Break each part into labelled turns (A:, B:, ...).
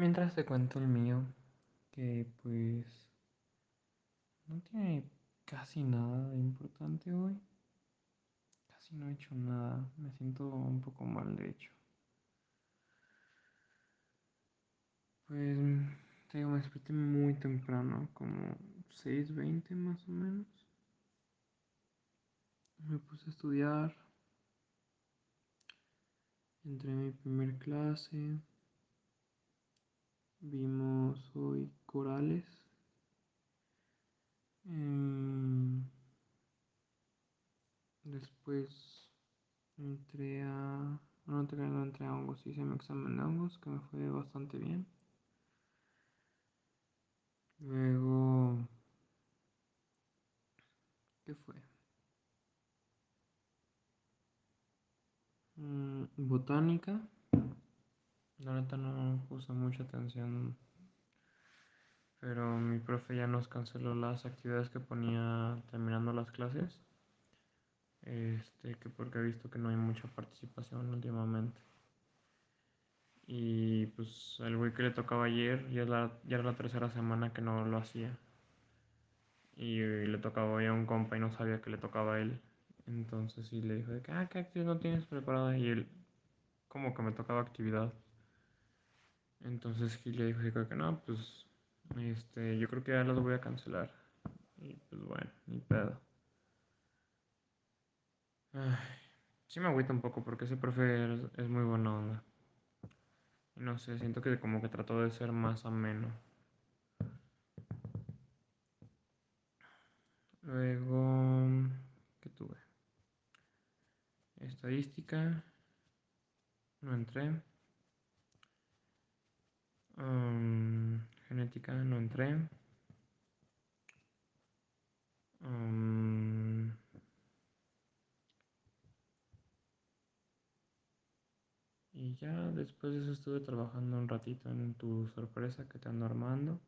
A: Mientras te cuento el mío, que pues no tiene casi nada de importante hoy. Casi no he hecho nada. Me siento un poco mal, de hecho. Pues te digo, me desperté muy temprano, como 6.20 más o menos. Me puse a estudiar. Entré en mi primer clase. Vimos hoy corales. Em, después entré a... No entré, no entré a hongos, hice mi examen de hongos que me fue bastante bien. Luego... ¿Qué fue? Mm, botánica. La neta no puse mucha atención, pero mi profe ya nos canceló las actividades que ponía terminando las clases, este, que porque he visto que no hay mucha participación últimamente. Y pues el güey que le tocaba ayer ya, ya era la tercera semana que no lo hacía. Y, le tocaba a un compa y no sabía que le tocaba a él. Entonces sí le dijo de que, ah, ¿qué actividad no tienes preparada? Y él como que me tocaba actividad. Entonces Gil le dijo que no, pues este, yo creo que ya lo voy a cancelar. Y pues bueno, ni pedo. sí me agüita un poco porque ese profe es, muy buena onda. no sé, siento que como que trató de ser más ameno. Luego, ¿qué tuve? Estadística. No entré genética no entré. y ya después de eso estuve trabajando un ratito en tu sorpresa que te ando armando.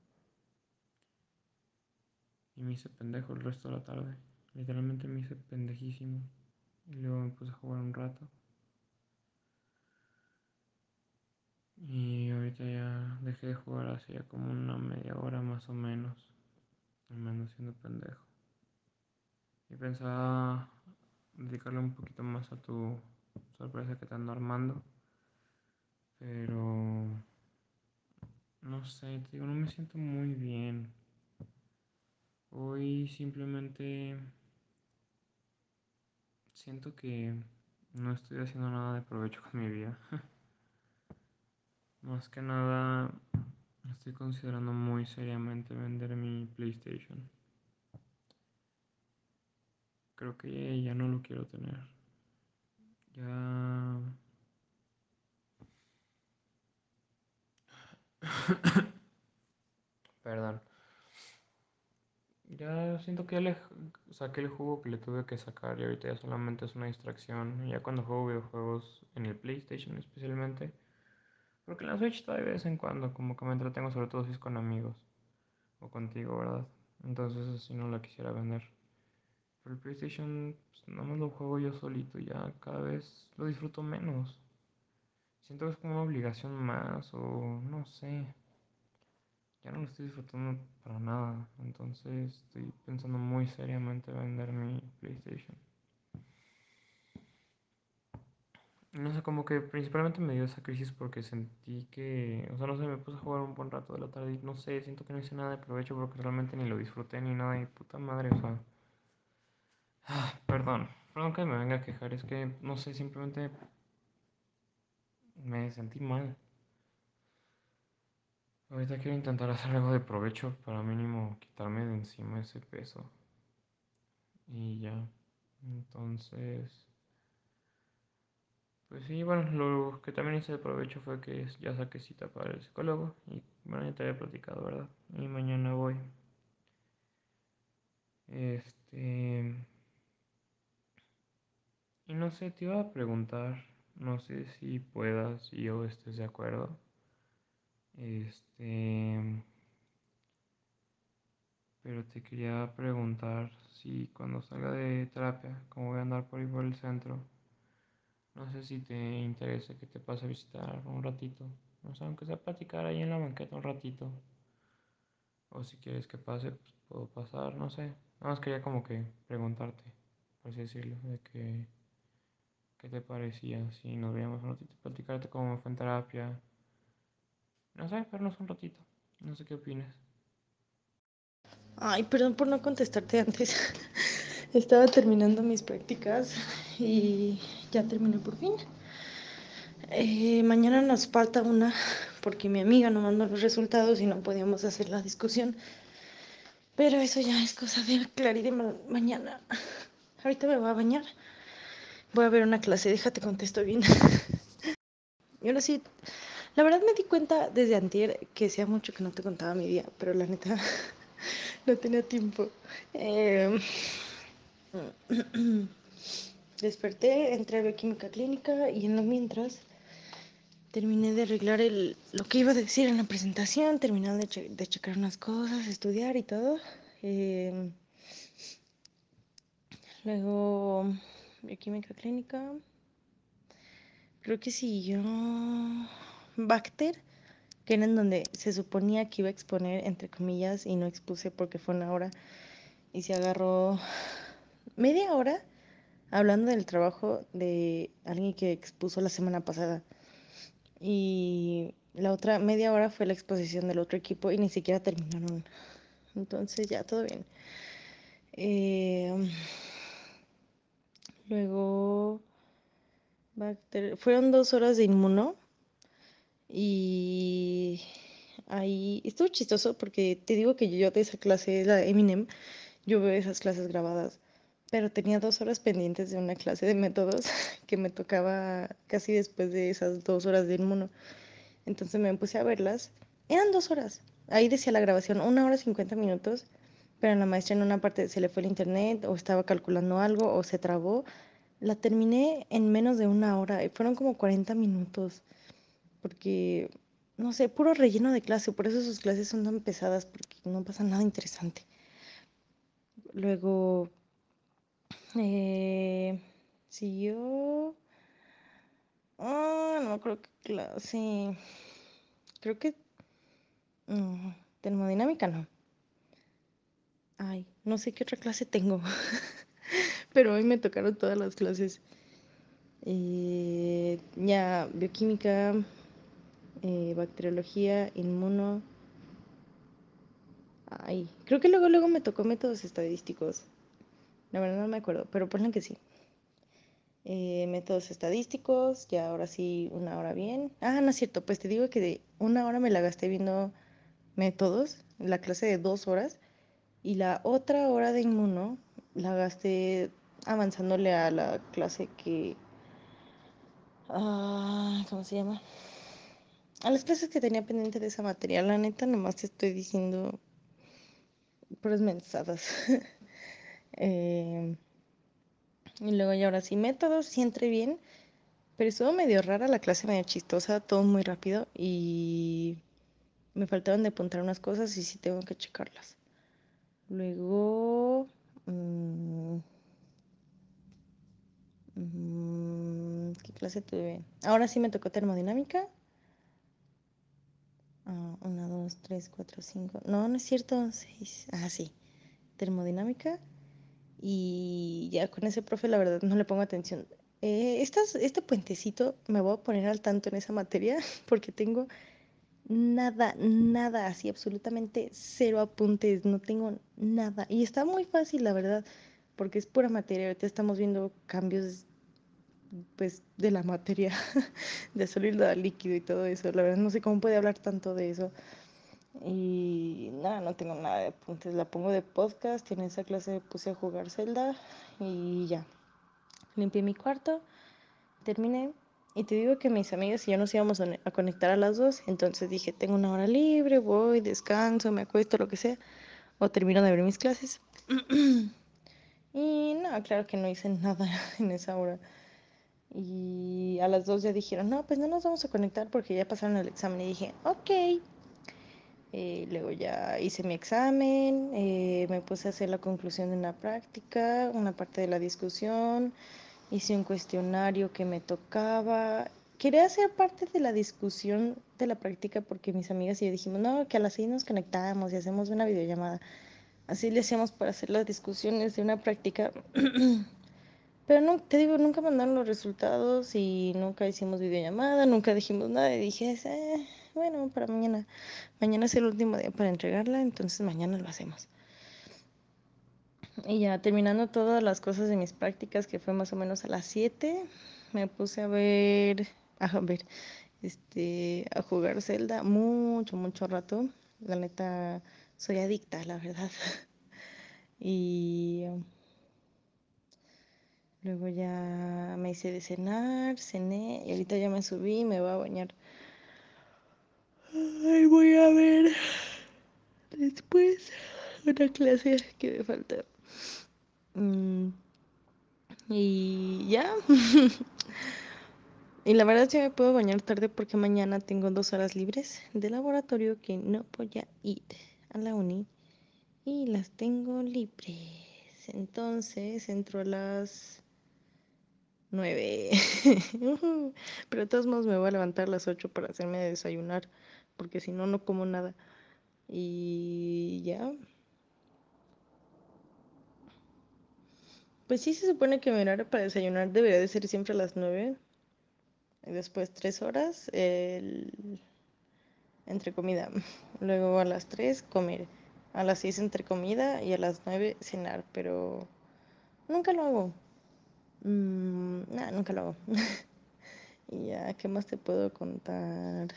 A: Y me hice pendejo el resto de la tarde. Literalmente me hice pendejísimo. Y luego me puse a jugar un rato. Y ahorita ya dejé de jugar hace ya como una media hora más o menos. Al menos siendo pendejo. Y pensaba dedicarle un poquito más a tu sorpresa que te ando armando. Pero... No sé, te digo, no me siento muy bien. Hoy simplemente siento que no estoy haciendo nada de provecho con mi vida. Más que nada, estoy considerando muy seriamente vender mi PlayStation. Creo que ya no lo quiero tener. Ya... Perdón. Ya siento que ya le saqué el jugo que le tuve que sacar y ahorita ya solamente es una distracción. Ya cuando juego videojuegos en el PlayStation especialmente porque la Switch todavía de vez en cuando, como que me entretengo, sobre todo si es con amigos o contigo, ¿verdad? Entonces así no la quisiera vender. Pero el PlayStation, pues, nada más lo juego yo solito, ya cada vez lo disfruto menos. Siento que es como una obligación más, o no sé. Ya no lo estoy disfrutando para nada, entonces estoy pensando muy seriamente vender mi PlayStation. No sé, como que principalmente me dio esa crisis porque sentí que, o sea, no sé, me puse a jugar un buen rato de la tarde y no sé, siento que no hice nada de provecho porque realmente ni lo disfruté ni nada y puta madre, o sea... Ah, perdón, perdón que me venga a quejar, es que, no sé, simplemente me sentí mal. Ahorita quiero intentar hacer algo de provecho para mínimo quitarme de encima ese peso. Y ya. Entonces... Pues sí, bueno, lo que también hice de provecho fue que ya saqué cita para el psicólogo y bueno, ya te había platicado, ¿verdad? Y mañana voy. Este... Y no sé, te iba a preguntar, no sé si puedas si yo estés de acuerdo. Este... Pero te quería preguntar si cuando salga de terapia, como voy a andar por ahí por el centro, no sé si te interesa que te pase a visitar un ratito. No sé, aunque sea platicar ahí en la banqueta un ratito. O si quieres que pase, pues, puedo pasar, no sé. Nada más quería como que preguntarte, por así decirlo, de que, qué te parecía si nos veíamos un ratito, platicarte cómo fue en terapia. No sé, vernos un ratito. No sé qué opinas.
B: Ay, perdón por no contestarte antes. Estaba terminando mis prácticas y ya terminé por fin. Eh, mañana nos falta una porque mi amiga no mandó los resultados y no podíamos hacer la discusión. Pero eso ya es cosa de claridad mañana. Ahorita me voy a bañar. Voy a ver una clase, déjate contesto bien. y ahora sí, la verdad me di cuenta desde antier que sea mucho que no te contaba mi día, pero la neta no tenía tiempo. Eh... Desperté, entré a bioquímica clínica y en lo mientras terminé de arreglar lo que iba a decir en la presentación, terminé de, checar unas cosas, estudiar y todo. Em, luego, bioquímica clínica. Creo que yo, Bacter, que era en donde se suponía que iba a exponer, entre comillas, y no expuse porque fue una hora. Y se agarró media hora hablando del trabajo de alguien que expuso la semana pasada. Y la otra media hora fue la exposición del otro equipo y ni siquiera terminaron. Entonces ya todo bien. Eh, luego fueron dos horas de inmuno y ahí estuvo chistoso porque te digo que yo de esa clase, la Eminem, yo veo esas clases grabadas pero tenía dos horas pendientes de una clase de métodos que me tocaba casi después de esas dos horas del inmuno. Entonces me puse a verlas. Eran dos horas. Ahí decía la grabación, una hora cincuenta minutos, pero la maestra en una parte se le fue el internet o estaba calculando algo o se trabó. La terminé en menos de una hora y fueron como 40 minutos, porque, no sé, puro relleno de clase, por eso sus clases son tan pesadas, porque no pasa nada interesante. Luego eh, yo ah, no creo que clase. Creo que. Mm, termodinámica no. Ay, no sé qué otra clase tengo. Pero hoy me tocaron todas las clases. Eh, ya, bioquímica, eh, bacteriología, inmuno. Ay, creo que luego, luego me tocó métodos estadísticos. La verdad no me acuerdo, pero ponen que sí. Eh, métodos estadísticos, ya ahora sí, una hora bien. Ah, no es cierto, pues te digo que de una hora me la gasté viendo métodos, la clase de dos horas, y la otra hora de inmuno la gasté avanzándole a la clase que... Ah, ¿Cómo se llama? A las clases que tenía pendiente de esa materia, la neta, nomás te estoy diciendo puras mensadas. Em, y luego ya ahora sí, métodos, sí entré bien, pero estuvo medio rara la clase, medio chistosa, todo muy rápido y me faltaron de apuntar unas cosas y sí tengo que checarlas. Luego... Mm, mm, ¿Qué clase tuve? Ahora sí me tocó termodinámica. Ah, una, dos, tres, cuatro, cinco. No, no es cierto. Seis. Ah, sí. Termodinámica y ya con ese profe la verdad no le pongo atención. Eh, este puentecito me voy a poner al tanto en esa materia porque tengo nada, nada, así absolutamente cero apuntes, no tengo nada. Y está muy fácil, la verdad, porque es pura materia. Ahorita estamos viendo cambios pues de la materia, de sólido a líquido y todo eso. La verdad no sé cómo puede hablar tanto de eso. Y nada, no tengo nada de apuntes. La pongo de podcast esa clase puse a jugar Zelda y ya. Limpié mi cuarto, terminé. Y te digo que mis amigas y yo nos íbamos a conectar a las dos. Entonces dije, tengo una hora libre, voy, descanso, me acuesto, lo que sea. O termino de ver mis clases. y no, claro que no hice nada en esa hora. Y a las dos ya dijeron, no, pues no nos vamos a conectar porque ya pasaron el examen. Y dije, ok. Eh, luego ya hice mi examen, eh, me puse a hacer la conclusión de una práctica, una parte de la discusión, hice un cuestionario que me tocaba. Quería hacer parte de la discusión de la práctica porque mis amigas y yo dijimos, no, que a las seis nos conectamos y hacemos una videollamada. Así le hacíamos para hacer las discusiones de una práctica. Pero no, te digo, nunca mandaron los resultados y nunca hicimos videollamada, nunca dijimos nada y dije, eh, bueno, para mañana. Mañana es el último día para entregarla, entonces mañana lo hacemos. Y ya terminando todas las cosas de mis prácticas, que fue más o menos a las 7, me puse a ver, a ver, este, a jugar Zelda mucho, mucho rato. La neta, soy adicta, la verdad. y luego ya me hice de cenar, cené, y ahorita ya me subí me voy a bañar. Ay, voy a ver después una clase que me falta. Mm. Y ya. y la verdad sí me puedo bañar tarde porque mañana tengo dos horas libres de laboratorio que no voy a ir a la uni. Y las tengo libres. Entonces entro a las Nueve. Pero de todos modos me voy a levantar a las ocho para hacerme desayunar porque si no, no como nada. Y ya. Pues sí se supone que me horario para desayunar debería de ser siempre a las 9. Después 3 horas el... entre comida. Luego a las 3 comer. A las 6 entre comida y a las 9 cenar. Pero nunca lo hago. Mm, nunca lo hago. y ya, ¿qué más te puedo contar?